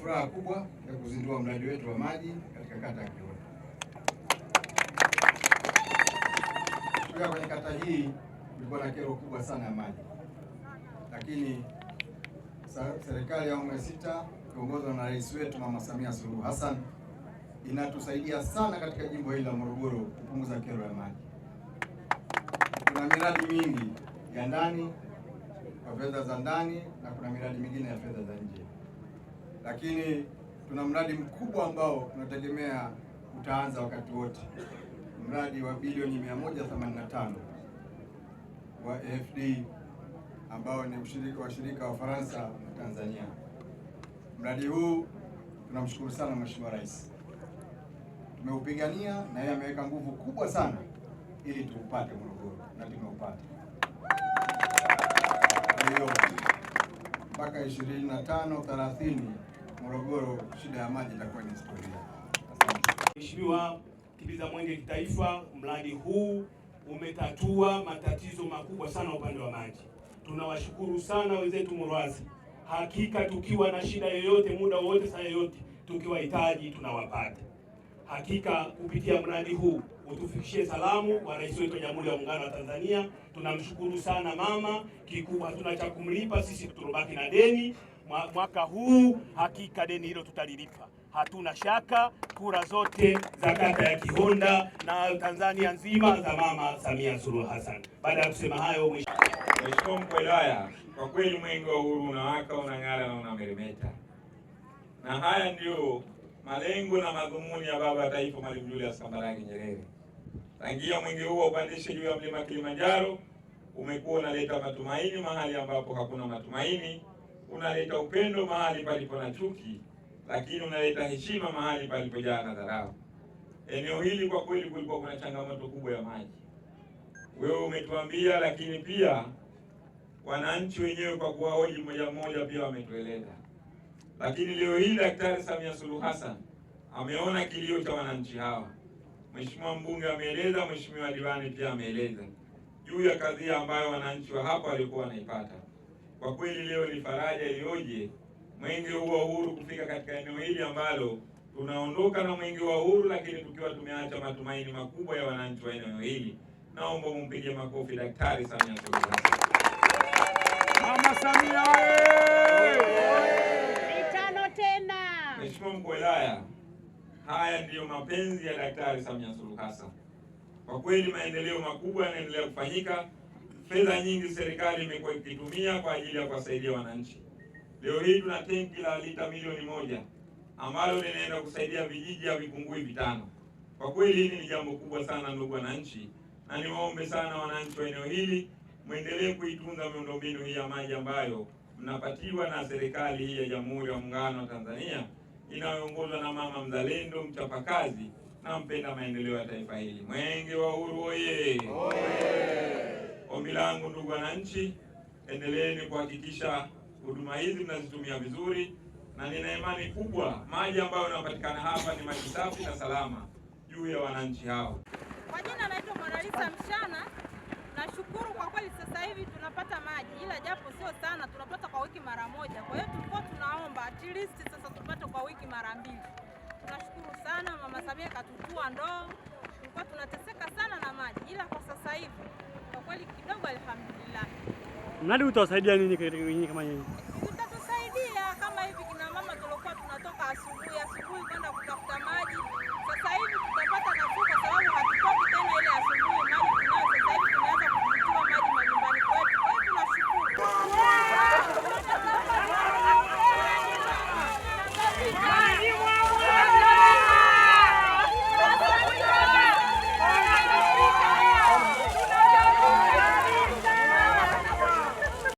furaha kubwa ya kuzindua mradi wetu wa maji katika kata ya Kiwanda. Tukiwa kwenye kata hii kulikuwa na kero kubwa sana ya maji, lakini serikali ya awamu ya sita ikiongozwa na rais wetu Mama Samia Suluhu Hassan inatusaidia sana katika jimbo hili la Morogoro kupunguza kero ya maji. Kuna miradi mingi ya ndani kwa fedha za ndani na kuna miradi mingine ya fedha za nje lakini tuna mradi mkubwa ambao tunategemea utaanza wakati wote, mradi wa bilioni 185 wa AFD ambao ni ushirika wa shirika wa Faransa na Tanzania. Mradi huu tunamshukuru sana Mheshimiwa Rais, tumeupigania na yeye ameweka nguvu kubwa sana ili tuupate Morogoro na tumeupata mpaka 25 30 Morogoro shida ya maji itakuwa ni historia. Mheshimiwa Kibiza Mwenge kitaifa, mradi huu umetatua matatizo makubwa sana upande wa maji. Tunawashukuru sana wenzetu Murwazi. Hakika tukiwa na shida yoyote, muda wowote, saa yoyote, tukiwahitaji tunawapata. Hakika kupitia mradi huu utufikishie salamu wa rais wetu wa Jamhuri ya Muungano wa Tanzania. Tunamshukuru sana mama, kikubwa hatuna cha kumlipa sisi, turobaki na deni mwaka huu. Hakika deni hilo tutalilipa, hatuna shaka. Kura zote za kata ya Kihonda na Tanzania nzima za mama Samia Suluhu Hassan. Baada ya kusema hayo, Mheshimiwa mkuu wa wilaya, kwa kweli mwenge wa uhuru unawaka, unang'ara na unameremeta, na haya ndio malengo na madhumuni ya baba ya taifa Mwalimu Julius Kambarage Nyerere. Tangia mwenge huo upandishe juu ya mlima Kilimanjaro umekuwa unaleta matumaini mahali ambapo hakuna matumaini, unaleta upendo mahali palipo na chuki, lakini unaleta heshima mahali palipojaa na dharau. Eneo hili kwa kweli kulikuwa kuna changamoto kubwa ya maji, wewe umetuambia, lakini pia wananchi wenyewe kwa kuwahoji moja moja pia wametueleza lakini leo hii Daktari Samia Suluhu Hassan ameona kilio cha wananchi hawa. Mheshimiwa mbunge ameeleza, Mheshimiwa diwani pia ameeleza juu ya kazi ambayo wananchi wa hapa walikuwa wanaipata. Kwa kweli leo ni faraja iliyoje mwenge huu wa uhuru kufika katika eneo hili ambalo tunaondoka na mwenge wa uhuru, lakini tukiwa tumeacha matumaini makubwa ya wananchi wa eneo hili. Naomba mumpige makofi Daktari Samia Suluhu Hassan. Mama Samia Mungu wilaya. Haya ndiyo mapenzi ya Daktari Samia Suluhu Hassan. Kwa kweli maendeleo makubwa yanaendelea kufanyika. Fedha nyingi serikali imekuwa ikitumia kwa ajili ya kuwasaidia wananchi. Leo hii tuna tenki la lita milioni moja ambalo linaenda kusaidia vijiji Vikungui vitano. Kwa kweli hili ni jambo kubwa sana, ndugu wananchi, na niwaombe sana wananchi wa eneo hili mwendelee kuitunza miundombinu hii ya maji ambayo mnapatiwa na serikali hii ya Jamhuri ya Muungano wa Tanzania inayoongozwa na mama mzalendo mchapakazi na mpenda maendeleo ya taifa hili. Mwenge wa Uhuru oye! Ombi langu ndugu wananchi, endeleeni kuhakikisha huduma hizi mnazitumia vizuri, na nina imani kubwa maji ambayo yanapatikana hapa ni maji safi na salama juu ya wananchi hao. Kwa jina naitwa Mwanalisa Mshana. Nashukuru kwa kweli, sasa hivi tunapata maji, ila japo sio sana, tunapata kwa wiki mara moja. Kwa hiyo tulikuwa tunaomba at least mara mbili. Tunashukuru sana Mama Samia katutua ndoo, tulikuwa tunateseka sana na maji, ila kwa sasa hivi kwa kweli kidogo, alhamdulillah. Mradi utawasaidia nini kama nyinyi? Utatusaidia kama hivi kina mama tulikuwa tunatoka asubuhi asubuhi kwenda kutafuta maji, sasa hivi tutapata